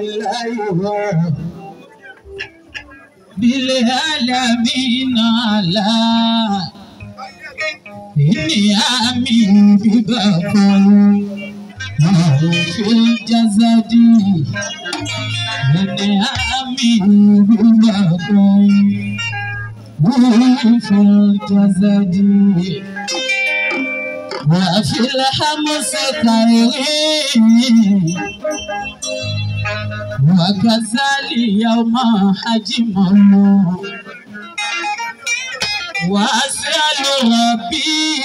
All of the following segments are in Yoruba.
الأيها بالهلا من الله إني آمن ببقل في الجسد إني آمن ببقل في الجسد وفي الحمص خيرين وكذلك يوم حجم الله وأسأل ربي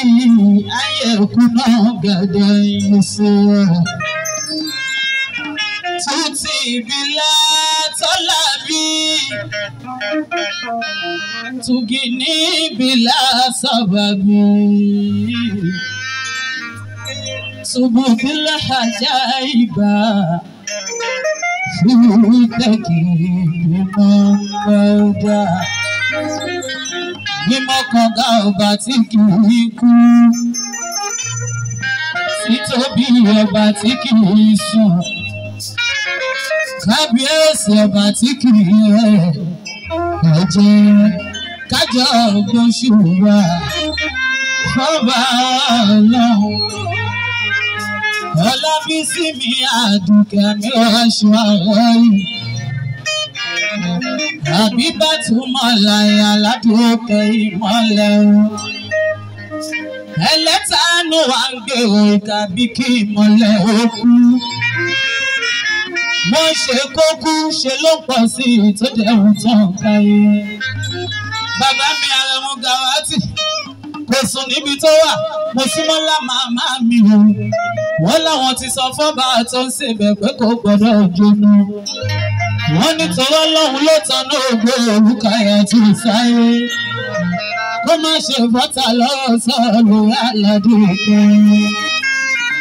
أن يكون غدا يسير tuti bila talabi tugini bila sababi subu bila Suite kìlímọ̀ kọ́dà. Mímọ́ kọ̀ọ̀gá ọba tí kì í kú. Títóbi ọba tí kì í sùn. Kábíyèsí ọba tí kì í rẹ̀ ẹ̀jẹ̀. Kájọ ògbóṣùwà. Fọ́ba ọlọ́run. Ọlábísí mi àdùkẹ́ mi ọ̀ṣọ́ ọ̀rọ̀ yìí. Àbíbátú mọ̀láyà ládùúkẹ́ ìmọ̀lẹ̀ o. Ẹlẹ́tàánú wa ń gbèrò tàbí kí ìmọ̀lẹ̀ ó kú. Mo ṣe kókú ṣe ló pọ̀ sí i tó jẹ́ òótọ́ káyé. Bàbá mi Àrẹ̀mú Gàwátì kò sùn níbi tó wà, mo súnmọ́ lá màmá mi o wọ́n láwọn ti sọ fọ́ba tó ń sèbẹ̀ pé kò gbọ́dọ̀ jóná wọ́n ní tọwọ́ lọ́hùn ló tan náà gbé òrùka yẹn ti sáyé kó má ṣe bọ́tà lọ́wọ́ sọ́ọ̀lù aládùúgbò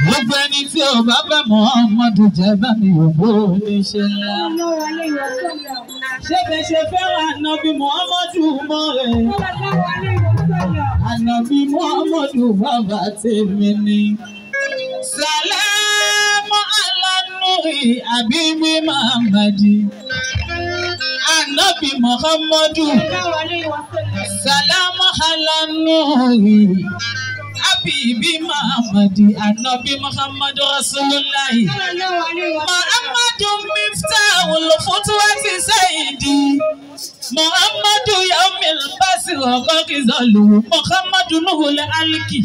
gbogbo ẹni tí ò bá bẹ̀ mọ́ ọmọdé jẹ́ bá mi ò bó oníṣẹ́ ńlá. ṣé bẹ́ẹ̀ ṣe fẹ́ wà nàbí muhammadu mọ́ ẹ̀. ànàbí muhammadu bàbá tèmi ni. lórí àbíbí Muhammadi anabi Muhammadu salamu alanuri àbíbí Muhammadi anabi Muhammadu Rasulullahi Muhammadu miftahul futuwati sayidi Muhammadu yaumil basir ọgọkizọlu Muhammadu nuhul aliki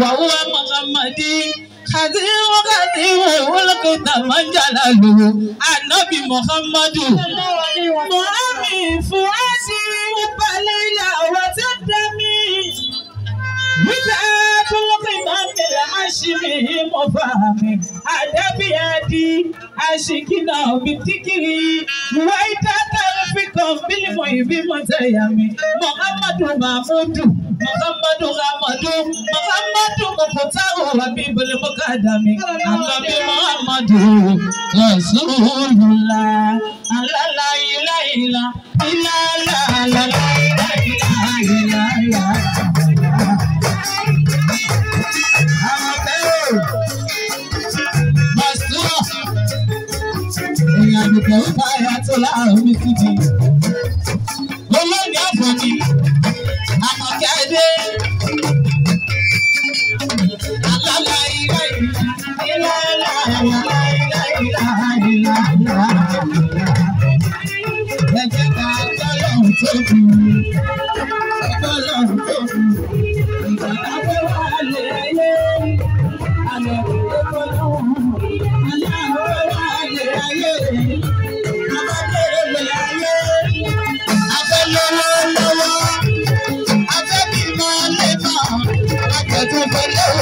wàhùwà Muhammadi kàdíwò kàdíwò ìwọlọkọ tàmájàlá lòwò ànábì muhammadu. mọ́mí fún àṣì ìpàlẹ̀ ilà ọ̀rọ̀ tí ó dá mi. Nígbà tó wọ́n fi máa ń bẹ̀rẹ̀ àṣìmí mọ́ fàmì, àdábìyàdì, àṣìkìnà òbí tíkìrì, wáyé dá of bílímù ìbímọ tẹ̀yà mi Muhammadu Mahmudu Muhammadu Ramadu Muhammadu Mufutahu Habibul Mukadami Àkànbí Muhammadu Rasulullah alala ilaila ilala alala ilaila ilala. ìrìnàjò pẹ̀lú báyà tó láàrú mi fìdí.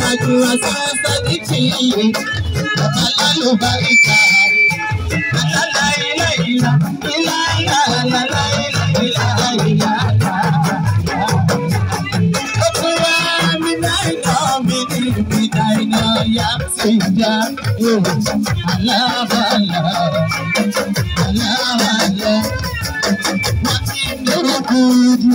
alájùra sọ́ọ́sọ́ ní tìyí alálùbáríkà aláìláìlá ìláìlá aláìláìlá ìláìlá. Ọkùnrin àmì náà iná mi ní ìgbìdá iná ya ti já yóò alábàlá alábàlá. Wọ́n ti dúró kúrú.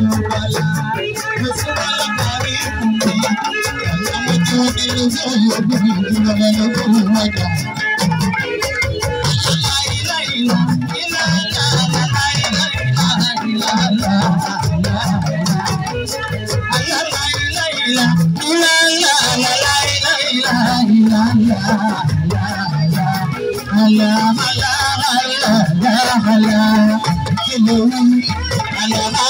Hello, hello, hello, hello, hello, hello, hello,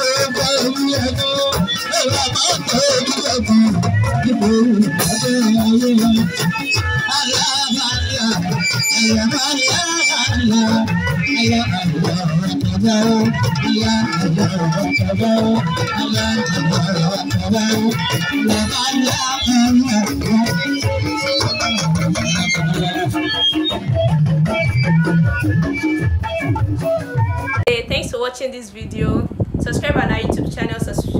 Hey, thanks for watching this video. Subscribe on our YouTube channel. Subscribe